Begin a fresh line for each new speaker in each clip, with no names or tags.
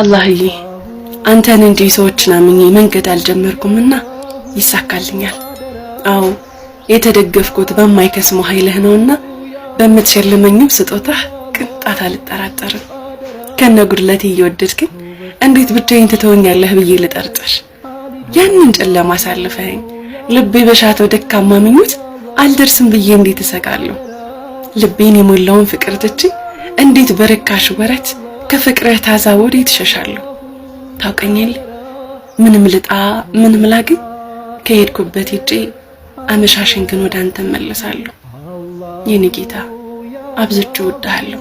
አላህዬ አንተን እንጂ ሰዎችን አምኜ መንገድ አልጀመርኩምና ይሳካልኛል። አዎ የተደገፍኩት በማይከስመው ኃይልህ ነውና በምትሸልመኝም ስጦታህ ቅንጣት አልጠራጠርም። ከነ ጉድለቴ እየወደድክኝ እንዴት ብቻዬን ትተውኛለህ ብዬ ልጠርጥር? ያንን ጨለማ አሳልፈኸኝ ልቤ በሻተው ደካማ ምኞት አልደርስም ብዬ እንዴት እሰቃለሁ? ልቤን የሞላውን ፍቅር ትችኝ እንዴት በርካሽ ወረት ከፍቅርህ ታዛ ወዴት እሸሻለሁ? ታውቀኛል። ምንም ልጣ ምንም ላግኝ ከሄድኩበት ሄጄ አመሻሽን ግን ወደ አንተ እመለሳለሁ። የኔ ጌታ አብዝቼ እወድሃለሁ።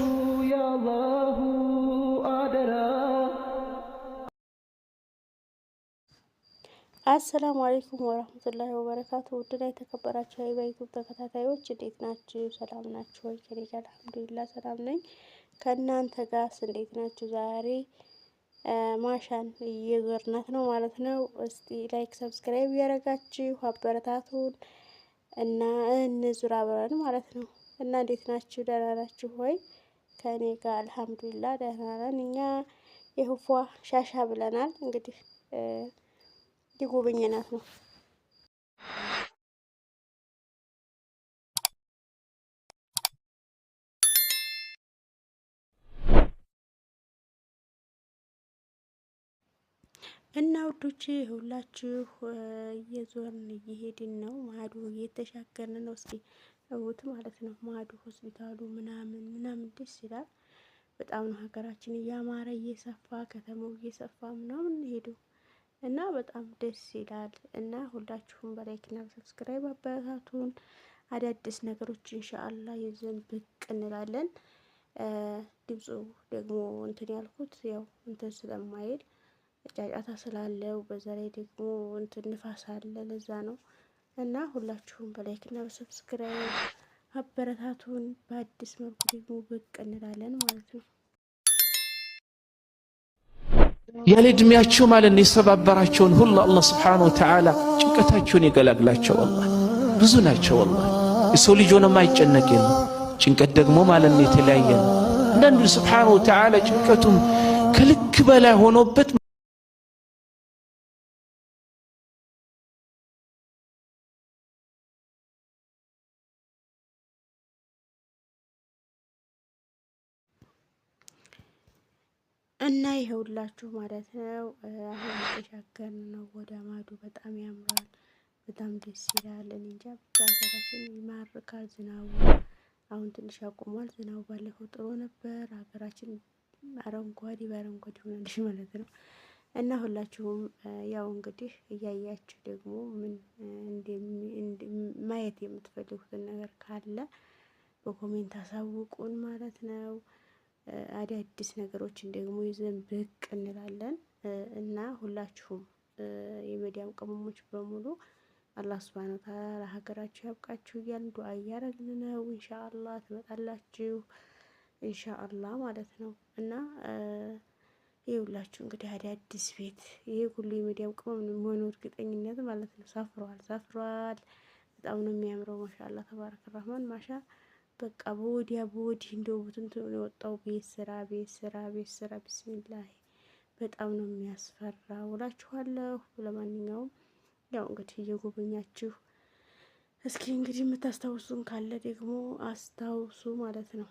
አሰላሙ አለይኩም ወረህመቱላሂ ወበረካቱ። ውድና የተከበራችሁ የዩቲዩብ ተከታታዮች እንዴት ናችሁ? ሰላም ናችሁ ወይ? ከኔ ጋር አልሐምዱሊላህ ሰላም ነኝ። ከእናንተ ጋርስ እንዴት ናችሁ? ዛሬ ማሻን እየዞርናት ነው ማለት ነው። እስቲ ላይክ፣ ሰብስክራይብ እያደረጋችሁ አበረታቱን እና እንዙር አብረን ማለት ነው እና እንዴት ናችሁ? ደህና ናችሁ ወይ? ከእኔ ጋር አልሐምዱሊላህ ደህና ነን። እኛ የሁፏ ሻሻ ብለናል እንግዲህ የጎበኘናት ነው። እና ውዶች ሁላችሁ እየዞርን እየሄድን ነው፣ ማዶ እየተሻገርን ነው። እስኪ እውት ማለት ነው ማዶ ሆስፒታሉ ምናምን ምናምን ደስ ይላል። በጣም ነው ሀገራችን እያማረ እየሰፋ ከተማው እየሰፋ ምናምን ሄደው እና በጣም ደስ ይላል እና ሁላችሁም በላይክና በሰብስክራይብ አበረታቱን። አዳዲስ ነገሮች እንሻአላ ይዘን ብቅ እንላለን። ድምፁ ደግሞ እንትን ያልኩት ያው እንትን ስለማይል ጫጫታ ስላለው በዛ ላይ ደግሞ እንትን ንፋስ አለ ለዛ ነው። እና ሁላችሁም በላይክና በሰብስክራይብ አበረታቱን። በአዲስ መልኩ ደግሞ ብቅ እንላለን ማለት ነው።
ያለ እድሜያቸው ማለት ነው የሰባበራቸውን ሁሉ አላህ ስብሓነሁ ወተዓላ ጭንቀታቸውን ይገላግላቸው። አላህ ብዙ ናቸው። አላህ የሰው ልጅ ሆነ ማይጨነቅ የለም። ጭንቀት ደግሞ ማለት ነው የተለያየ ነው። አንዳንዱ ስብሓነሁ ወተዓላ ጭንቀቱም ከልክ በላይ ሆኖበት
እና ይሄውላችሁ ማለት ነው። አሁን የተሻገርን ነው ወደ ማዶ። በጣም ያምራል፣ በጣም ደስ ይላል። እኔ እንጃ ብቻ ሀገራችን ይማርካል። ዝናቡ አሁን ትንሽ ያቆሟል። ዝናቡ ባለፈው ጥሩ ነበር። ሀገራችን አረንጓዴ በአረንጓዴ ሆናለች ማለት ነው። እና ሁላችሁም ያው እንግዲህ እያያችሁ ደግሞ ምን ማየት የምትፈልጉትን ነገር ካለ በኮሜንት አሳውቁን ማለት ነው። አዳዲስ ነገሮችን ደግሞ ይዘን ብቅ እንላለን እና ሁላችሁም የመዲያም ቅመሞች በሙሉ አላህ ስብሃነ ወተዓላ ሀገራችሁ ያብቃችሁ እያልን ዱዓ እያረግን ነው። ኢንሻአላህ ትመጣላችሁ ኢንሻአላህ ማለት ነው እና ይኸውላችሁ እንግዲህ አዳዲስ ቤት ይሄ ሁሉ የሚዲያም ቅመም መሆኑ እርግጠኝነት ማለት ነው። ሰፍሯል ሰፍሯል። በጣም ነው የሚያምረው። ማሻአላህ ተባረከ ራህማን ማሻ በቃ በወዲያ በወዲህ እንደው ብትንትኑ የወጣው ቤት ስራ ቤት ስራ ቤት ስራ ቢስሚላሂ በጣም ነው የሚያስፈራ ውላችኋለሁ ለማንኛውም ያው እንግዲህ እየጎበኛችሁ እስኪ እንግዲህ የምታስታውሱን ካለ ደግሞ አስታውሱ ማለት ነው።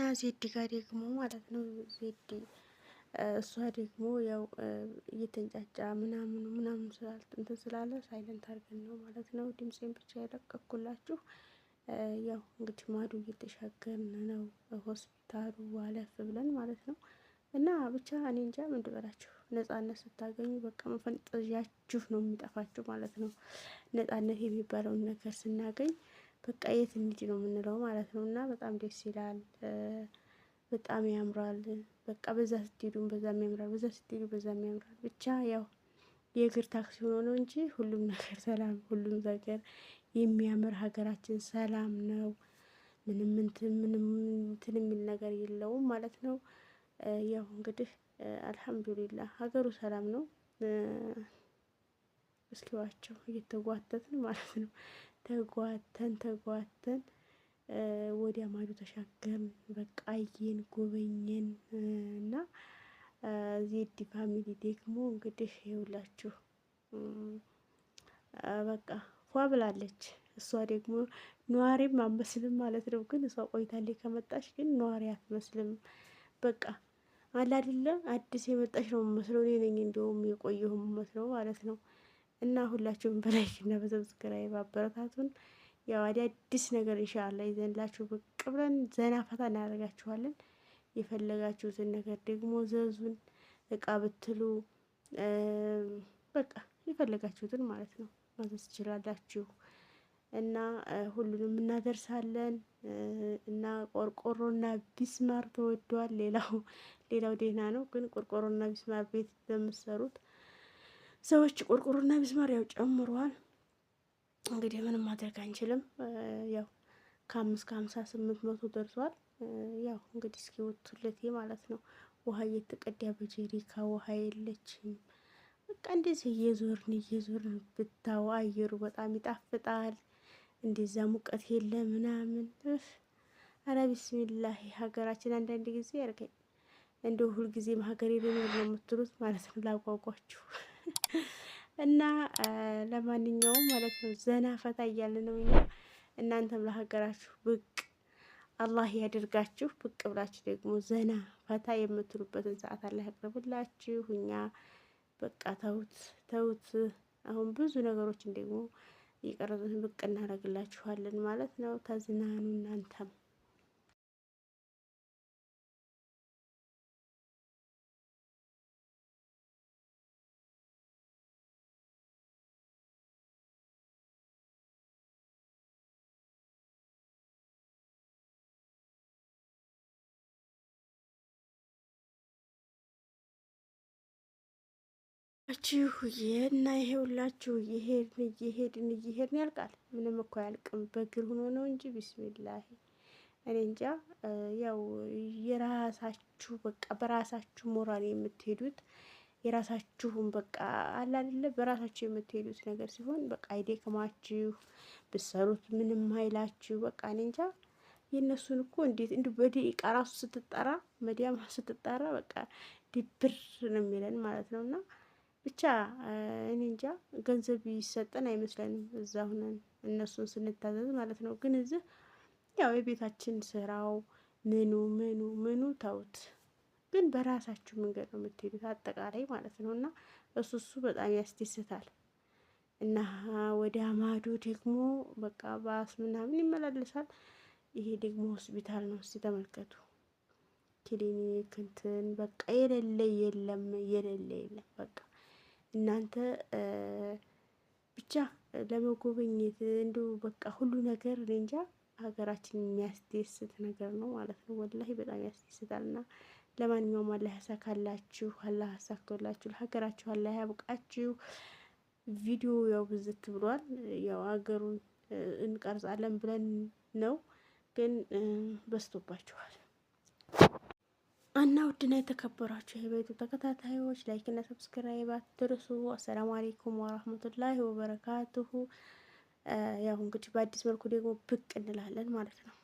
እና ዜድ ጋር ደግሞ ማለት ነው ዜድ እሷ ደግሞ ያው እየተንጫጫ ምናምኑ ምናምን እንትን ስላለ ሳይለንት አድርገን ነው ማለት ነው ድምፄን ብቻ የለቀኩላችሁ። ያው እንግዲህ ማዶ እየተሻገርን ነው ሆስፒታሉ አለፍ ብለን ማለት ነው። እና ብቻ እኔ እንጃ ምን ልበላችሁ፣ ነጻነት ስታገኙ በቃ መፈንጠዣችሁ ነው የሚጠፋችሁ ማለት ነው። ነጻነት የሚባለውን ነገር ስናገኝ በቃ የት እንሂድ ነው የምንለው ማለት ነው። እና በጣም ደስ ይላል፣ በጣም ያምራል። በቃ በዛ ስትሄዱም በዛም ያምራል፣ በዛ ስትሄዱ በዛም ያምራል። ብቻ ያው የእግር ታክሲ ሆኖ ነው እንጂ ሁሉም ነገር ሰላም፣ ሁሉም ነገር የሚያምር ሀገራችን ሰላም ነው። ምንም ምንም እንትን የሚል ነገር የለውም ማለት ነው። ያው እንግዲህ አልሐምዱሊላህ ሀገሩ ሰላም ነው። እስኪዋቸው እየተጓተትን ማለት ነው። ተጓተን ተጓተን ወዲያ ማዶ ተሻገርን። በቃ አየን፣ ጎበኘን እና ዜድ ፋሚሊ ደግሞ እንግዲህ ይውላችሁ በቃ ፏ ብላለች። እሷ ደግሞ ነዋሪም አመስልም ማለት ነው። ግን እሷ ቆይታለች ከመጣች፣ ግን ነዋሪ አትመስልም። በቃ አለ አይደለ አዲስ የመጣች ነው የምመስለው። እኔ ነኝ እንደውም የቆየሁ የምመስለው ማለት ነው። እና ሁላችሁም በላይክ እና በሰብስክራይብ አበረታቱን። ያው አዲስ ነገር ኢንሻአላህ ይዘንላችሁ ብቅ ብለን ዘና ፈታ እናደርጋችኋለን። የፈለጋችሁትን ነገር ደግሞ ዘዙን፣ እቃ ብትሉ በቃ የፈለጋችሁትን ማለት ነው ማዘዝ ትችላላችሁ እና ሁሉንም እናደርሳለን። እና ቆርቆሮና ቢስማር ተወዷል። ሌላው ሌላው ደህና ነው፣ ግን ቆርቆሮና ቢስማር ቤት ለምትሰሩት ሰዎች ቆርቆሮና ሚስማር ያው ጨምሯል። እንግዲህ ምንም ማድረግ አንችልም። ያው ከአምስት ከሀምሳ ስምንት መቶ ደርሷል። ያው እንግዲህ እስኪ ወቱለት ማለት ነው። ውሃ እየተቀዳ በጀሪካ ውሃ የለችም። በቃ እንደዚህ እየዞርን እየዞርን ብታው አየሩ በጣም ይጣፍጣል። እንደዛ ሙቀት የለ ምናምን። አረ ቢስሚላህ ሀገራችን አንዳንድ ጊዜ ያርገኝ እንደ ሁልጊዜም ሀገሬ ልኖር ነው የምትሉት ማለት ነው። ላጓጓችሁ እና ለማንኛውም ማለት ነው ዘና ፈታ እያለ ነው እኛ። እናንተም ለሀገራችሁ ብቅ አላህ ያደርጋችሁ። ብቅ ብላችሁ ደግሞ ዘና ፈታ የምትሉበትን ሰዓት አላህ ያቅርብላችሁ። እኛ በቃ ተውት ተውት። አሁን ብዙ ነገሮችን ደግሞ እየቀረጽን ብቅ እናደርግላችኋለን ማለት ነው። ተዝናኑ እናንተም አችሁ ይሄና ይሄ ሁላችሁ ይሄድን እየሄድን እየሄድን ያልቃል። ምንም እኮ ያልቅም በእግር ሆኖ ነው እንጂ ቢስሚላሂ እኔ እንጃ። ያው የራሳችሁ በቃ በራሳችሁ ሞራል የምትሄዱት የራሳችሁን በቃ አለ አይደለ በራሳችሁ የምትሄዱት ነገር ሲሆን በቃ አይደክማችሁ፣ ብሰሩት ምንም አይላችሁ። በቃ እኔ እንጃ የእነሱን እኮ እንዴት እንዲሁ በደቂቃ ራሱ ስትጠራ መዲያማ ስትጠራ በቃ ድብር ነው የሚለን ማለት ነውና ብቻ እኔ እንጃ ገንዘብ ይሰጠን አይመስለንም እዛ ሁነን እነሱን ስንታዘዝ ማለት ነው። ግን እዚህ ያው የቤታችን ስራው ምኑ ምኑ ምኑ ተውት፣ ግን በራሳችሁ መንገድ ነው የምትሄዱት አጠቃላይ ማለት ነው። እና እሱ እሱ በጣም ያስደስታል። እና ወደ አማዶ ደግሞ በቃ ባስ ምናምን ይመላለሳል። ይሄ ደግሞ ሆስፒታል ነው። እስቲ ተመልከቱ፣ ክሊኒክ እንትን በቃ የሌለ የለም የሌለ የለም በቃ እናንተ ብቻ ለመጎበኘት እንዲሁ በቃ ሁሉ ነገር እኔ እንጃ ሀገራችን የሚያስደስት ነገር ነው ማለት ነው። ወላሂ በጣም ያስደስታል። እና ለማንኛውም አላህ ያሳካላችሁ፣ አላህ አሳክቶላችሁ፣ ለሀገራችሁ አላህ ያብቃችሁ። ቪዲዮ ያው ብዝት ብሏል። ያው ሀገሩን እንቀርጻለን ብለን ነው ግን በስቶባችኋል። እና ውድና የተከበራችሁ የቤቱ ተከታታዮች ላይክና ሰብስክራይብ አትርሱ። አሰላሙ አሌይኩም ወራህመቱላሂ ወበረካቱሁ። ያው እንግዲህ በአዲስ መልኩ ደግሞ ብቅ እንላለን ማለት ነው።